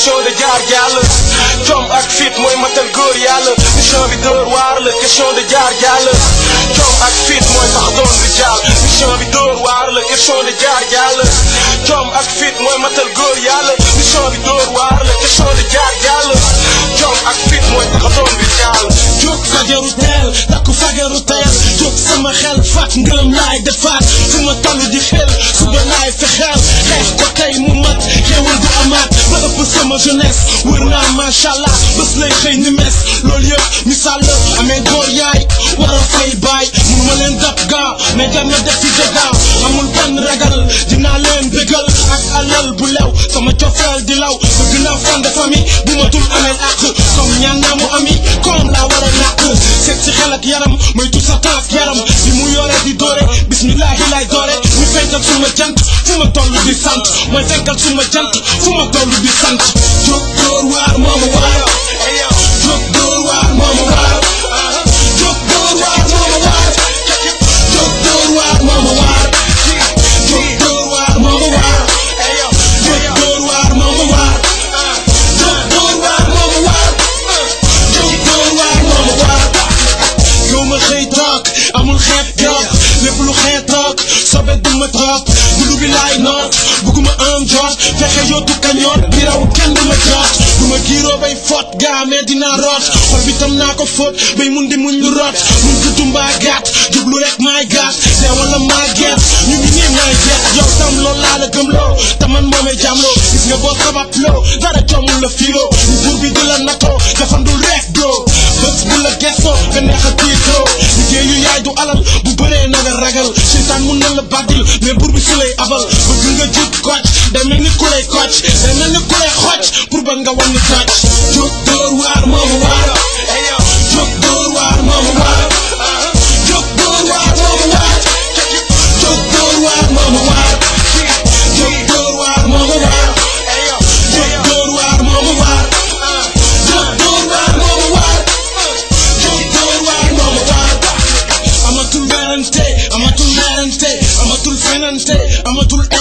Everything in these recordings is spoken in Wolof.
question de jaar jàll jom ak fit mooy matal góor yàlla mission bi dóor waar la question de jaar jàll jom ak fit mooy tax doon di jàll mission bi dóor waar la question de jaar jàll jom ak fit mooy matal góor yàlla mission bi dóor waar la question de jaar jàll jom ak fit mooy tax doon di jàll jóg fajaru teel takku fajaru teel jóg sama xel faat ngërëm laay defaat fu ma toll di xel suba laay fexeel sama jeunesse wër naa macha allah bés lay xëy ni mes yëpp misaal la amee góor yaay war a fay baay mun ma leen dab gaa mais jar na def ci amul benn ragal dinaa leen dëggal ak alal bu lew sama cofeel di law bëgg naa fond de famille bu ma tul ameel àq comme ñaan naa mu ami comme war a nàq seet ci xel yaram moytu sa taaf yaram li mu yore di doore bismillahi lay doore fenkal suma jant fu ma toll di sant mooy fenkal suma jant fu ma toll di sant la ñoot di raw kenn du ma joot du ma giiroo bay foot gaamee dinaa root xol bi tam naa ko fóot bay mun di muñ lu root mun gudd mbaa gaat jublu rek maay gaat see wala maa geet ñu ngi nii maay geet yow tam lool laa la gëm loo taman moomee jaam loo gis nga boo sabat loo dara coomul la fiiroo ñu jur bi di la natoo defandul rek doo bés bu la gestoo nga neex a tiitoo liggéeyu yaay du alal seetaan mun na la bàddil mais buur bi su lay abal bëgg nga jug kocc day mel ni ku lay kocc day mel ni ku pour ba nga wan ni kocc jóg waar moom waar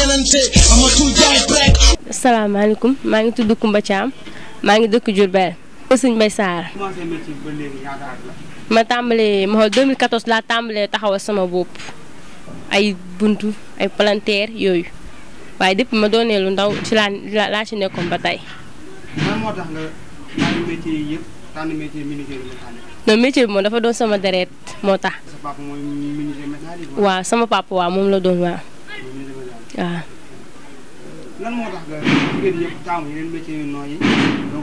jaalante amatul maa ngi tudd Koumba maa ngi dëkk Diourbel Sëñ Mbaye Sarr. ma tàmbalee ma xool laa tàmbalee taxawal sama bopp ay bunt ay palanteer yooyu waaye dépp ma doonee lu ndaw ci laa laa ci nekkoon ba tey. lan moo tax bi moom dafa doon sama deret moo tax. sa waaw sama papa waaw moom la doon waaw. waaw. lan moo tax nga jigéen ñëpp taamu yeneen métier yu nooy yi doo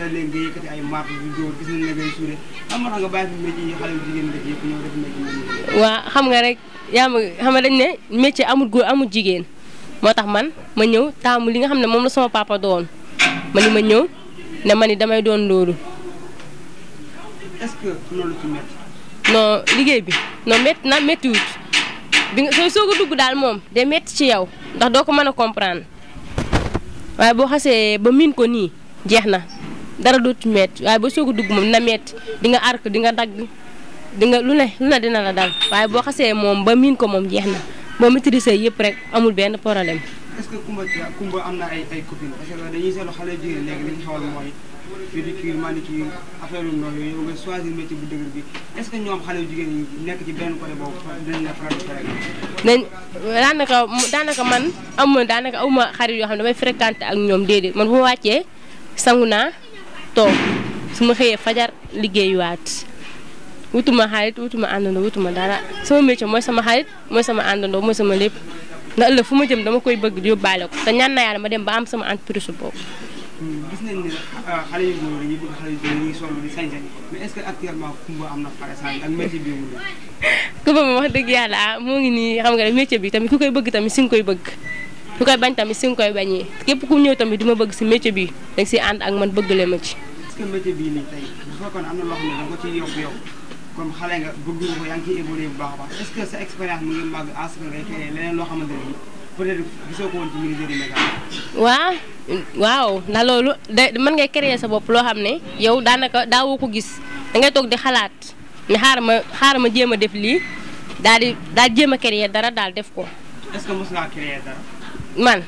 na leen nga yëkkati ay jigéen waaw xam nga rek yaa ma xam nga dañ ne métier amul góor amul jigéen moo tax man ma ñëw taamu li nga xam ne moom la sama papa doon ma ni ma ñëw ne ma ni damay doon loolu. est liggéey bi non métti na méttiwut. bi nga sooy soo a dugg daal moom day metti ci yow ndax doo ko mën a comprendre waaye boo xasee ba miin ko nii jeex na dara dootu mett waaye ba soog a dugg moom dina mett di nga arc di nga dagg di nga lu ne lu ne dina la dal waaye boo xasee moom ba miin ko moom jeex na boo maîtriser yëpp rek amul benn problème. est-ce que am na ay ay copines parce que pédicure manicure affaire que ñoom xale yu jigéen ñi nekk ci daanaka daanaka man amuma daanaka amuma xarit yoo xam ne damay fréquenté ak ñoom déedéet man bu ma wàccee sangu naa toog su ma xëyee fajar liggéeyuwaat wutuma xarit wutuma àndandoo wutuma dara sama métier mooy sama xarit mooy sama àndandoo mooy sama lépp ndax ëllëg fu ma jëm dama koy bëgg di yóbbaale ko te ñaan na yàlla ma dem ba am sama entreprise boobu. gis nañ ne euh, xale yu góor yi bëgg xale yu góor yi ngi ce que actuellement kumba am na par exemple ak métier bi mu kumba moom wax dëgg yàlla ah moo ngi nii xam nga ne métier bi tamit ku koy bëgg tamit si koy bëgg ku koy bañ tamit si nga képp ku ñëw tamit di ma bëgg si métier bi dag si ànd ak man bëggale ma ci est bii nii tey bu fekkoon am na loo xam ne da yow ko yaa ngi ciy évolué bu baax a baax est expérience mu ngi màgg à ce leneen loo xamante ni peut-être waaw waaw na loolu de mën ngay créer sa bopp loo xam ne yow daanaka daawoo ko gis da toog di xalaat ne ma xaaral ma jéem a def lii daal di daal jéem a créer dara daal def ko. est man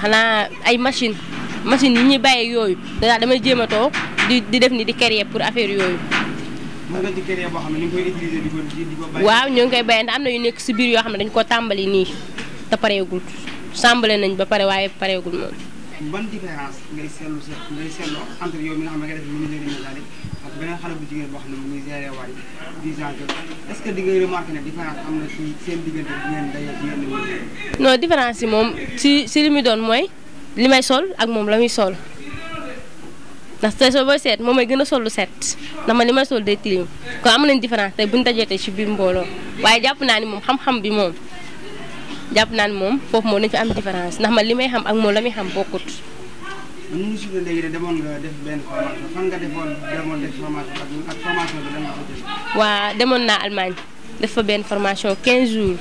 xanaa ay machine machine yi ñuy bàyyee yooyu daal damay jéem a toog di di def ni di créer pour affaire yooyu. mën nga ko di ko bàyyi. waaw ñoo ngi bàyyi ndax am na yu nekk si biir yoo xam ne dañ ko tàmbali nii. te pareegul sàmbale nañ ba pare waaye pareegul moom. ban différence ngay seetlu sa ngay seetlu entre yow mi nga xam ne que di ngay remarqué ne différence am yi moom si si li muy doon mooy li may sol ak moom la muy sol ndax tey soo booy seet moom may gën a sol lu set ndax man li may sol day tilim kon am nañ différence tey bu ñu dajee ci biir mbooloo waaye jàpp naa ni moom xam-xam bi moom. jàpp naan moom foofu moom dañu fa am différence ndax ma li may xam ak moom la muy xam bokkut. nu mu suñu léegi de demoon nga def waa demoon naa Allemagne def fa benn formation 15 jours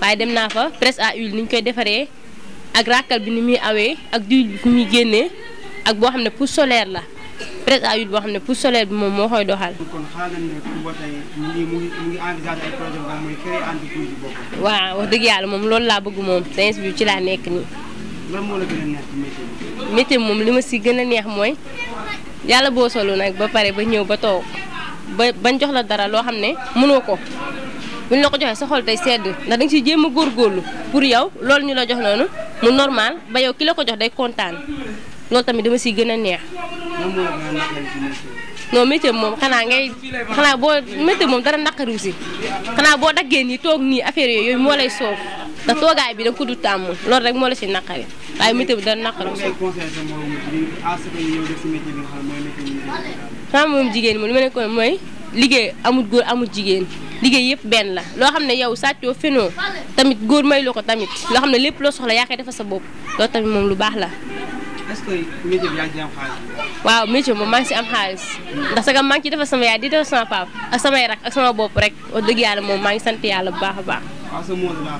waaye dem naa fa presse à huile ni koy defaree ak ràkkal bi ni muy awee ak diwlin bi fu muy génnee ak boo xam ne pour solaire la. presse à huile boo xam ne pour solaire bi moom moo koy doxal. kon waaw wax dëgg yàlla moom loolu laa bëgg moom science bi ci laa nekk nii. lan moom li ma si gën a neex mooy yàlla boo solo nag ba pare ba ñëw ba toog ba bañ jox la dara loo xam ne mënoo ko. buñ la ko joxee sa xol tey sedd ndax da nga jéem góor góorlu pour yow loolu ñu la jox noonu mu normal ba yow ki la ko jox day kontaan loolu tamit dama ci gën a neex. non métier moom xanaa ngay xanaa boo métier moom dara naqariw si xanaa boo daggee nii toog nii affaire yooyu moo lay soof ndax toogaay bi da nga ko du tàmm loolu rek moo la si naqari waaye métier bi dara naqariw moom jigéen moom li ma ne ko mooy liggéey amut góor amul jigéen liggéey yëpp benn la loo xam ne yow sàccoo fenoo tamit góor may loo ko tamit loo xam ne lépp loo soxla yaa koy defal sa bopp loolu tamit moom lu baax la. est-ce waaw métier moom maa ngi si am xaalis ndax sax maa ngi ci defal sama yaay di defal sama paap ak samay rak ak sama bopp rek wax dëgg yàlla moom maa ngi sant yàlla bu baax a baax. waaw sa mot de la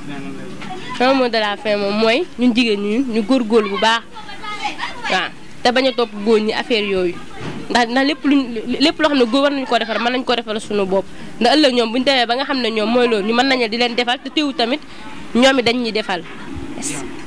sama mot de la fin moom mooy ñun jigéen ñu ñu góor góorgóorlu bu baax waaw te bañ a topp góor ñi affaire yooyu. ndax ndax lépp luñ lépp loo xam ne góor war nañu ko defar man nañu ko defal suñu bopp ndax ëllëg ñoom bu ñu demee ba nga xam ne ñoom mooy loolu ñu mën nañu di leen defal te teewu tamit ñoom it dañ ñuy defal